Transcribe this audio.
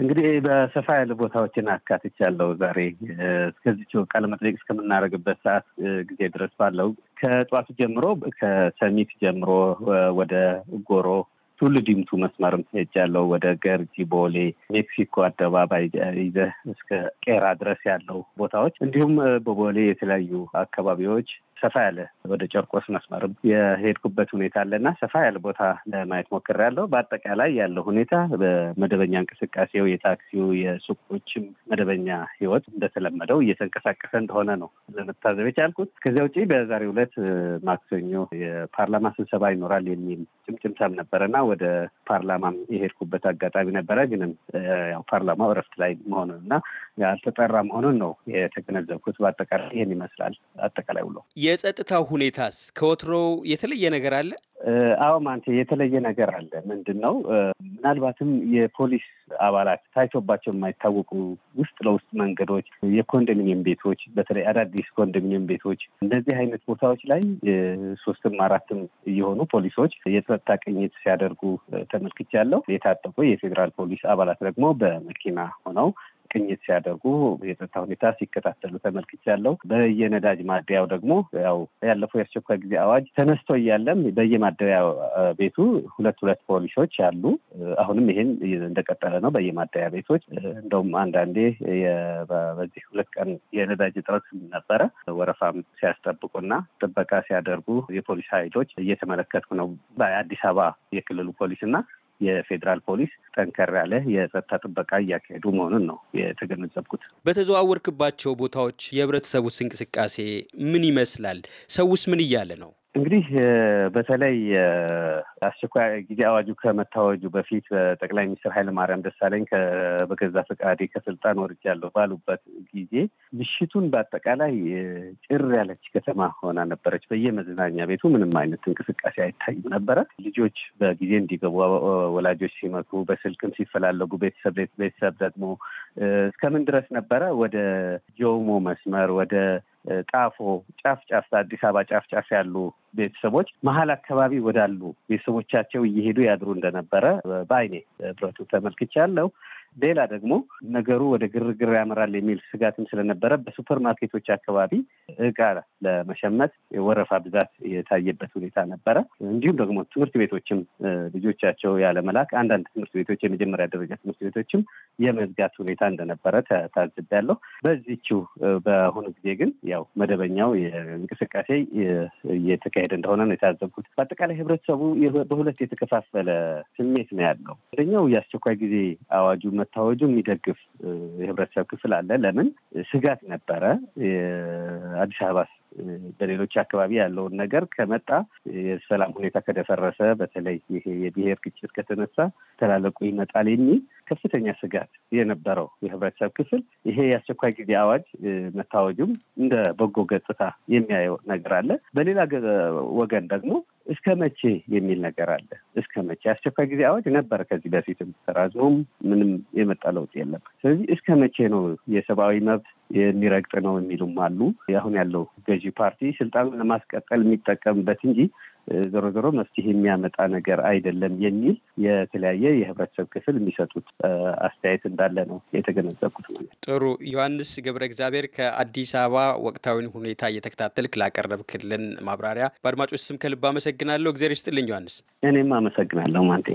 እንግዲህ በሰፋ ያለ ቦታዎችን አካትቻለሁ። ዛሬ እስከዚች ቃለ መጠየቅ እስከምናደርግበት ሰዓት ጊዜ ድረስ ባለው ከጠዋቱ ጀምሮ ከሰሚት ጀምሮ ወደ ጎሮ ቱሉ ዲምቱ መስመርም ሄጃለሁ። ወደ ገርጂ፣ ቦሌ፣ ሜክሲኮ አደባባይ ይዘህ እስከ ቄራ ድረስ ያለው ቦታዎች እንዲሁም በቦሌ የተለያዩ አካባቢዎች ሰፋ ያለ ወደ ጨርቆስ መስመርም የሄድኩበት ሁኔታ አለና ሰፋ ያለ ቦታ ለማየት ሞክሬያለሁ። በአጠቃላይ ያለው ሁኔታ በመደበኛ እንቅስቃሴው የታክሲው፣ የሱቆችም መደበኛ ህይወት እንደተለመደው እየተንቀሳቀሰ እንደሆነ ነው ለመታዘብ የቻልኩት። ከዚያ ውጪ በዛሬው ዕለት ማክሰኞ የፓርላማ ስብሰባ ይኖራል የሚል ጭምጭምታም ነበረና ወደ ፓርላማም የሄድኩበት አጋጣሚ ነበረ። ግንም ያው ፓርላማው እረፍት ላይ መሆኑን እና ያልተጠራ መሆኑን ነው የተገነዘብኩት። በአጠቃላይ ይህን ይመስላል አጠቃላይ ውሎ። የጸጥታው ሁኔታስ ከወትሮ የተለየ ነገር አለ? አዎ ማንቴ የተለየ ነገር አለ። ምንድን ነው ምናልባትም የፖሊስ አባላት ታይቶባቸው የማይታወቁ ውስጥ ለውስጥ መንገዶች፣ የኮንዶሚኒየም ቤቶች፣ በተለይ አዳዲስ ኮንዶሚኒየም ቤቶች፣ እንደዚህ አይነት ቦታዎች ላይ ሶስትም አራትም እየሆኑ ፖሊሶች የጸጥታ ቅኝት ሲያደርጉ ተመልክቻለሁ። የታጠቁ የፌዴራል ፖሊስ አባላት ደግሞ በመኪና ሆነው ቅኝት ሲያደርጉ የጸጥታ ሁኔታ ሲከታተሉ ተመልክቻለሁ። በየነዳጅ ማደያው ደግሞ ያው ያለፈው የአስቸኳይ ጊዜ አዋጅ ተነስቶ እያለም በየማደያ ቤቱ ሁለት ሁለት ፖሊሶች አሉ። አሁንም ይሄን እንደቀጠለ ነው። በየማደያ ቤቶች እንደውም አንዳንዴ በዚህ ሁለት ቀን የነዳጅ እጥረት ነበረ። ወረፋም ሲያስጠብቁና ጥበቃ ሲያደርጉ የፖሊስ ኃይሎች እየተመለከትኩ ነው። በአዲስ አበባ የክልሉ ፖሊስ እና የፌዴራል ፖሊስ ጠንከር ያለ የጸጥታ ጥበቃ እያካሄዱ መሆኑን ነው የተገነዘብኩት። በተዘዋወርክባቸው ቦታዎች የህብረተሰቡስ እንቅስቃሴ ምን ይመስላል? ሰውስ ምን እያለ ነው? እንግዲህ በተለይ አስቸኳይ ጊዜ አዋጁ ከመታወጁ በፊት በጠቅላይ ሚኒስትር ኃይለማርያም ደሳለኝ በገዛ ፈቃዴ ከስልጣን ወርጃለሁ ባሉበት ጊዜ ምሽቱን በአጠቃላይ ጭር ያለች ከተማ ሆና ነበረች። በየመዝናኛ ቤቱ ምንም አይነት እንቅስቃሴ አይታይም ነበረ። ልጆች በጊዜ እንዲገቡ ወላጆች ሲመክሩ፣ በስልክም ሲፈላለጉ፣ ቤተሰብ ቤተሰብ ደግሞ እስከምን ድረስ ነበረ ወደ ጆሞ መስመር ወደ ጣፎ ጫፍ ጫፍ አዲስ አበባ ጫፍ ጫፍ ያሉ ቤተሰቦች መሀል አካባቢ ወዳሉ ቤተሰቦቻቸው እየሄዱ ያድሩ እንደነበረ በአይኔ ብረቱ ተመልክቻለሁ። ሌላ ደግሞ ነገሩ ወደ ግርግር ያመራል የሚል ስጋትም ስለነበረ በሱፐር ማርኬቶች አካባቢ እቃ ለመሸመት የወረፋ ብዛት የታየበት ሁኔታ ነበረ። እንዲሁም ደግሞ ትምህርት ቤቶችም ልጆቻቸው ያለመላክ አንዳንድ ትምህርት ቤቶች የመጀመሪያ ደረጃ ትምህርት ቤቶችም የመዝጋት ሁኔታ እንደነበረ ታዝቤያለሁ። በዚችው በአሁኑ ጊዜ ግን ያው መደበኛው እንቅስቃሴ እየተካሄደ እንደሆነ ነው የታዘብኩት። በአጠቃላይ ህብረተሰቡ በሁለት የተከፋፈለ ስሜት ነው ያለው። አንደኛው የአስቸኳይ ጊዜ አዋጁ መታወጁ የሚደግፍ የህብረተሰብ ክፍል አለ። ለምን ስጋት ነበረ የአዲስ አበባ በሌሎች አካባቢ ያለውን ነገር ከመጣ የሰላም ሁኔታ ከደፈረሰ፣ በተለይ ይሄ የብሔር ግጭት ከተነሳ ተላለቁ ይመጣል የሚል ከፍተኛ ስጋት የነበረው የህብረተሰብ ክፍል ይሄ የአስቸኳይ ጊዜ አዋጅ መታወጁም እንደ በጎ ገጽታ የሚያየው ነገር አለ። በሌላ ወገን ደግሞ እስከ መቼ የሚል ነገር አለ። እስከ መቼ አስቸኳይ ጊዜ አዋጅ ነበረ ከዚህ በፊትም ተራዝሞም ምንም የመጣ ለውጥ የለም። ስለዚህ እስከ መቼ ነው የሰብአዊ መብት የሚረግጥ ነው የሚሉም አሉ። አሁን ያለው ገዢ ፓርቲ ስልጣኑን ለማስቀጠል የሚጠቀምበት እንጂ ዞሮ ዞሮ መፍትሄ የሚያመጣ ነገር አይደለም የሚል የተለያየ የህብረተሰብ ክፍል የሚሰጡት አስተያየት እንዳለ ነው የተገነዘብኩት። ጥሩ ዮሐንስ ገብረ እግዚአብሔር ከአዲስ አበባ ወቅታዊን ሁኔታ እየተከታተልክ ላቀረብክልን ማብራሪያ በአድማጮች ስም ከልብ አመሰግናለሁ። እግዜር ይስጥልኝ ዮሐንስ። እኔም አመሰግናለሁ ማንቴ።